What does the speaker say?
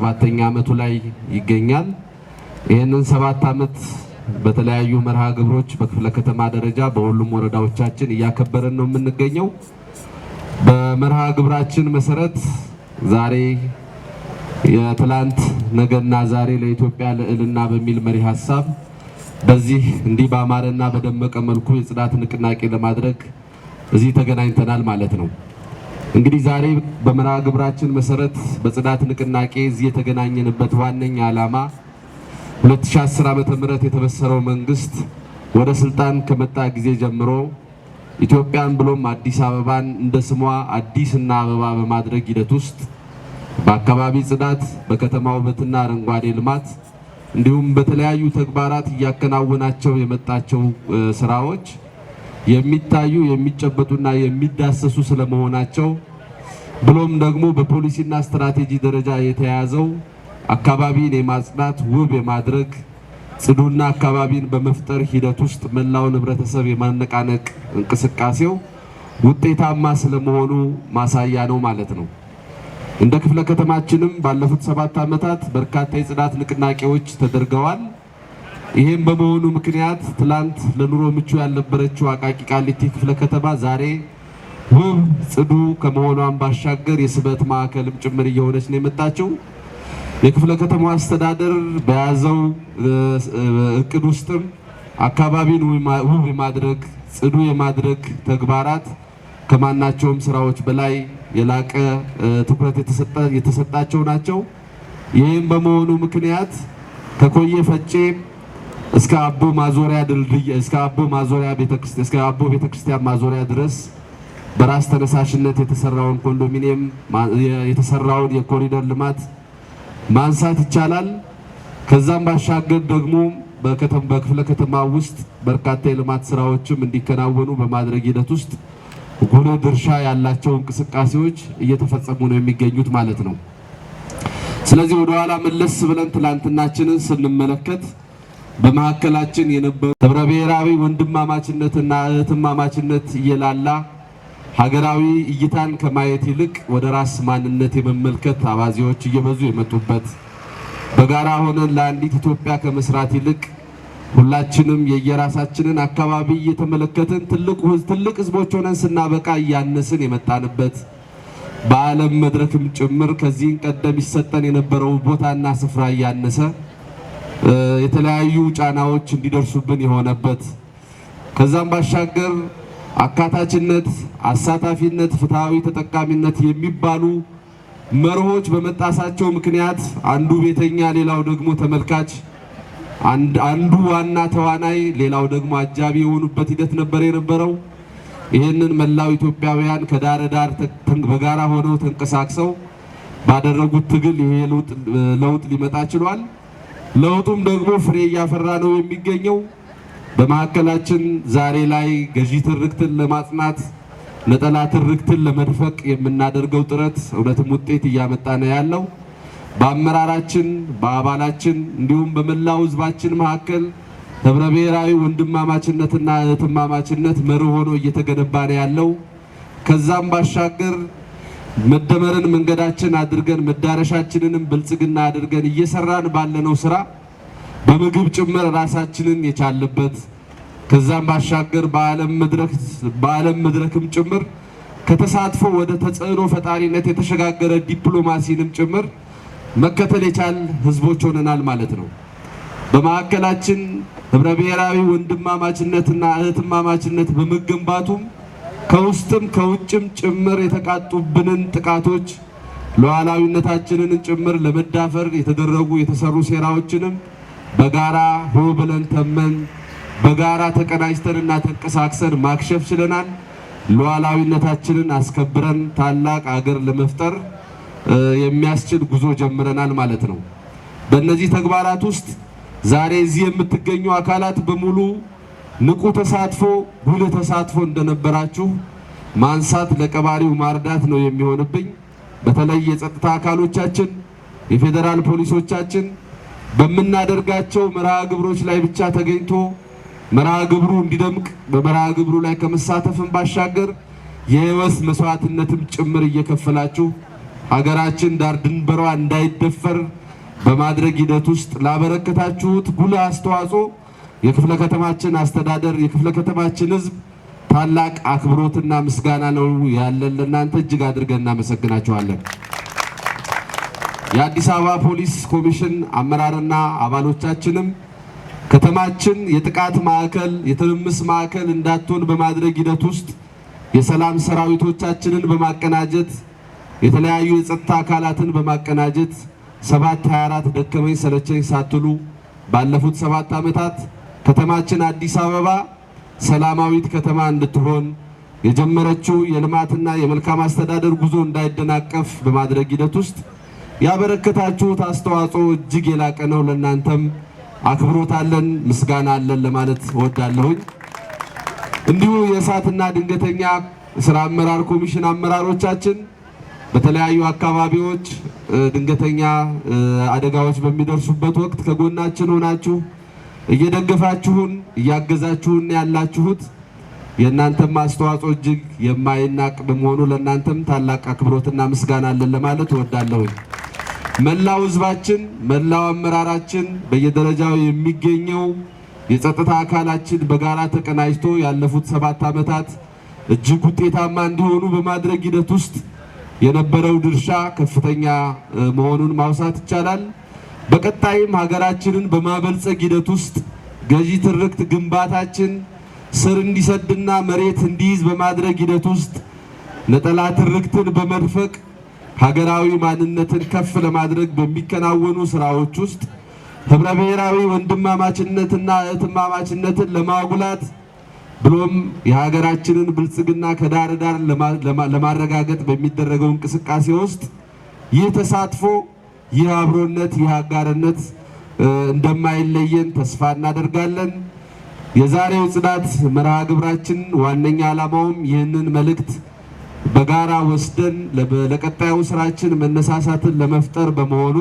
ሰባተኛ ዓመቱ ላይ ይገኛል። ይህንን ሰባት ዓመት በተለያዩ መርሃ ግብሮች በክፍለ ከተማ ደረጃ በሁሉም ወረዳዎቻችን እያከበረን ነው የምንገኘው። በመርሃ ግብራችን መሰረት ዛሬ የትላንት ነገና ዛሬ ለኢትዮጵያ ልዕልና በሚል መሪ ሀሳብ በዚህ እንዲህ በአማረና በደመቀ መልኩ የጽዳት ንቅናቄ ለማድረግ እዚህ ተገናኝተናል ማለት ነው። እንግዲህ ዛሬ በመርሃ ግብራችን መሰረት በጽዳት ንቅናቄ እዚህ የተገናኘንበት ዋነኛ ዓላማ 2010 ዓመተ ምህረት የተበሰረው መንግስት ወደ ስልጣን ከመጣ ጊዜ ጀምሮ ኢትዮጵያን ብሎም አዲስ አበባን እንደ ስሟ አዲስ እና አበባ በማድረግ ሂደት ውስጥ በአካባቢ ጽዳት፣ በከተማ ውበትና አረንጓዴ ልማት እንዲሁም በተለያዩ ተግባራት እያከናወናቸው የመጣቸው ስራዎች የሚታዩ የሚጨበጡና የሚዳሰሱ ስለመሆናቸው ብሎም ደግሞ በፖሊሲና ስትራቴጂ ደረጃ የተያዘው አካባቢን የማጽዳት ውብ የማድረግ ጽዱና አካባቢን በመፍጠር ሂደት ውስጥ መላውን ህብረተሰብ የማነቃነቅ እንቅስቃሴው ውጤታማ ስለመሆኑ ማሳያ ነው ማለት ነው። እንደ ክፍለ ከተማችንም ባለፉት ሰባት ዓመታት በርካታ የጽዳት ንቅናቄዎች ተደርገዋል። ይህም በመሆኑ ምክንያት ትላንት ለኑሮ ምቹ ያልነበረችው አቃቂ ቃሊቲ ክፍለ ከተማ ዛሬ ውብ ጽዱ ከመሆኗን ባሻገር የስበት ማዕከልም ጭምር እየሆነች ነው የመጣችው። የክፍለ ከተማ አስተዳደር በያዘው እቅድ ውስጥም አካባቢን ውብ የማድረግ ጽዱ የማድረግ ተግባራት ከማናቸውም ስራዎች በላይ የላቀ ትኩረት የተሰጣቸው ናቸው። ይህም በመሆኑ ምክንያት ከኮየ ፈጬ እስከ አቦ ማዞሪያ ድልድይ እስከ አቦ ማዞሪያ ቤተክርስቲያን እስከ አቦ ቤተክርስቲያን ማዞሪያ ድረስ በራስ ተነሳሽነት የተሰራውን ኮንዶሚኒየም የተሰራውን የኮሪደር ልማት ማንሳት ይቻላል። ከዛም ባሻገር ደግሞ በከተም በክፍለ ከተማ ውስጥ በርካታ የልማት ስራዎችም እንዲከናወኑ በማድረግ ሂደት ውስጥ ጉልህ ድርሻ ያላቸው እንቅስቃሴዎች እየተፈጸሙ ነው የሚገኙት ማለት ነው። ስለዚህ ወደኋላ መለስ ብለን ትላንትናችንን ስንመለከት በመካከላችን የነበሩ ህብረ ብሔራዊ ወንድማማችነትና እህትማማችነት እየላላ ሀገራዊ እይታን ከማየት ይልቅ ወደ ራስ ማንነት የመመልከት አባዜዎች እየበዙ የመጡበት በጋራ ሆነን ለአንዲት ኢትዮጵያ ከመስራት ይልቅ ሁላችንም የየራሳችንን አካባቢ እየተመለከትን ትልቅ ትልቅ ህዝቦች ሆነን ስናበቃ እያነስን የመጣንበት በዓለም መድረክም ጭምር ከዚህ ቀደም ይሰጠን የነበረው ቦታና ስፍራ እያነሰ የተለያዩ ጫናዎች እንዲደርሱብን የሆነበት ከዛም ባሻገር አካታችነት፣ አሳታፊነት፣ ፍትሐዊ ተጠቃሚነት የሚባሉ መርሆች በመጣሳቸው ምክንያት አንዱ ቤተኛ፣ ሌላው ደግሞ ተመልካች፣ አንዱ ዋና ተዋናይ፣ ሌላው ደግሞ አጃቢ የሆኑበት ሂደት ነበር የነበረው። ይህንን መላው ኢትዮጵያውያን ከዳር ዳር በጋራ ሆነው ተንቀሳቅሰው ባደረጉት ትግል ይሄ ለውጥ ሊመጣ ችሏል። ለውጡም ደግሞ ፍሬ እያፈራ ነው የሚገኘው። በማዕከላችን ዛሬ ላይ ገዢ ትርክትን ለማጽናት ነጠላ ትርክትን ለመድፈቅ የምናደርገው ጥረት እውነትም ውጤት እያመጣ ነው ያለው። በአመራራችን በአባላችን፣ እንዲሁም በመላው ሕዝባችን መካከል ህብረ ብሔራዊ ወንድማማችነትና እህትማማችነት መርህ ሆኖ እየተገነባ ነው ያለው። ከዛም ባሻገር መደመርን መንገዳችን አድርገን መዳረሻችንንም ብልጽግና አድርገን እየሰራን ባለነው ስራ በምግብ ጭምር ራሳችንን የቻለበት ከዛም ባሻገር በዓለም መድረክም ጭምር ከተሳትፎ ወደ ተጽዕኖ ፈጣሪነት የተሸጋገረ ዲፕሎማሲንም ጭምር መከተል የቻል ህዝቦች ሆነናል ማለት ነው። በማዕከላችን ህብረ ብሔራዊ ወንድማማችነትና እህትማማችነት በመገንባቱም ከውስጥም ከውጭም ጭምር የተቃጡብንን ጥቃቶች ሉዓላዊነታችንን ጭምር ለመዳፈር የተደረጉ የተሰሩ ሴራዎችንም በጋራ ሆ ብለን ተመን በጋራ ተቀናጅተንና ተንቀሳቅሰን ማክሸፍ ችለናል። ሉዓላዊነታችንን አስከብረን ታላቅ አገር ለመፍጠር የሚያስችል ጉዞ ጀምረናል ማለት ነው። በእነዚህ ተግባራት ውስጥ ዛሬ እዚህ የምትገኙ አካላት በሙሉ ንቁ ተሳትፎ፣ ጉልህ ተሳትፎ እንደነበራችሁ ማንሳት ለቀባሪው ማርዳት ነው የሚሆንብኝ። በተለይ የጸጥታ አካሎቻችን፣ የፌዴራል ፖሊሶቻችን በምናደርጋቸው መርሃ ግብሮች ላይ ብቻ ተገኝቶ መርሃ ግብሩ እንዲደምቅ በመርሃ ግብሩ ላይ ከመሳተፍን ባሻገር የህይወት መስዋዕትነትም ጭምር እየከፈላችሁ ሀገራችን ዳር ድንበሯ እንዳይደፈር በማድረግ ሂደት ውስጥ ላበረከታችሁት ጉልህ አስተዋጽኦ የክፍለ ከተማችን አስተዳደር የክፍለ ከተማችን ህዝብ ታላቅ አክብሮትና ምስጋና ነው ያለን። ለእናንተ እጅግ አድርገን እናመሰግናችኋለን። የአዲስ አበባ ፖሊስ ኮሚሽን አመራርና አባሎቻችንም ከተማችን የጥቃት ማዕከል፣ የትርምስ ማዕከል እንዳትሆን በማድረግ ሂደት ውስጥ የሰላም ሰራዊቶቻችንን በማቀናጀት የተለያዩ የጸጥታ አካላትን በማቀናጀት ሰባት 24 ደከመኝ ሰለቸኝ ሳትሉ ባለፉት ሰባት ዓመታት ከተማችን አዲስ አበባ ሰላማዊት ከተማ እንድትሆን የጀመረችው የልማትና የመልካም አስተዳደር ጉዞ እንዳይደናቀፍ በማድረግ ሂደት ውስጥ ያበረከታችሁት አስተዋጽኦ እጅግ የላቀ ነው። ለእናንተም አክብሮት አለን፣ ምስጋና አለን ለማለት እወዳለሁኝ። እንዲሁ የእሳትና ድንገተኛ ስራ አመራር ኮሚሽን አመራሮቻችን በተለያዩ አካባቢዎች ድንገተኛ አደጋዎች በሚደርሱበት ወቅት ከጎናችን ሆናችሁ እየደገፋችሁን እያገዛችሁን ያላችሁት የእናንተም አስተዋጽኦ እጅግ የማይናቅ በመሆኑ ለእናንተም ታላቅ አክብሮትና ምስጋና አለን ለማለት እወዳለሁኝ። መላው ህዝባችን መላው አመራራችን በየደረጃው የሚገኘው የጸጥታ አካላችን በጋራ ተቀናጅቶ ያለፉት ሰባት ዓመታት እጅግ ውጤታማ እንዲሆኑ በማድረግ ሂደት ውስጥ የነበረው ድርሻ ከፍተኛ መሆኑን ማውሳት ይቻላል። በቀጣይም ሀገራችንን በማበልጸግ ሂደት ውስጥ ገዢ ትርክት ግንባታችን ስር እንዲሰድና መሬት እንዲይዝ በማድረግ ሂደት ውስጥ ነጠላ ትርክትን በመድፈቅ ሀገራዊ ማንነትን ከፍ ለማድረግ በሚከናወኑ ስራዎች ውስጥ ህብረ ብሔራዊ ወንድማማችነትና እህትማማችነትን ለማጉላት ብሎም የሀገራችንን ብልጽግና ከዳር ዳር ለማረጋገጥ በሚደረገው እንቅስቃሴ ውስጥ ይህ ተሳትፎ ይህ አብሮነት፣ ይህ አጋርነት እንደማይለየን ተስፋ እናደርጋለን። የዛሬው ጽዳት መርሃ ግብራችን ዋነኛ ዓላማውም ይህንን መልእክት በጋራ ወስደን ለቀጣዩ ስራችን መነሳሳትን ለመፍጠር በመሆኑ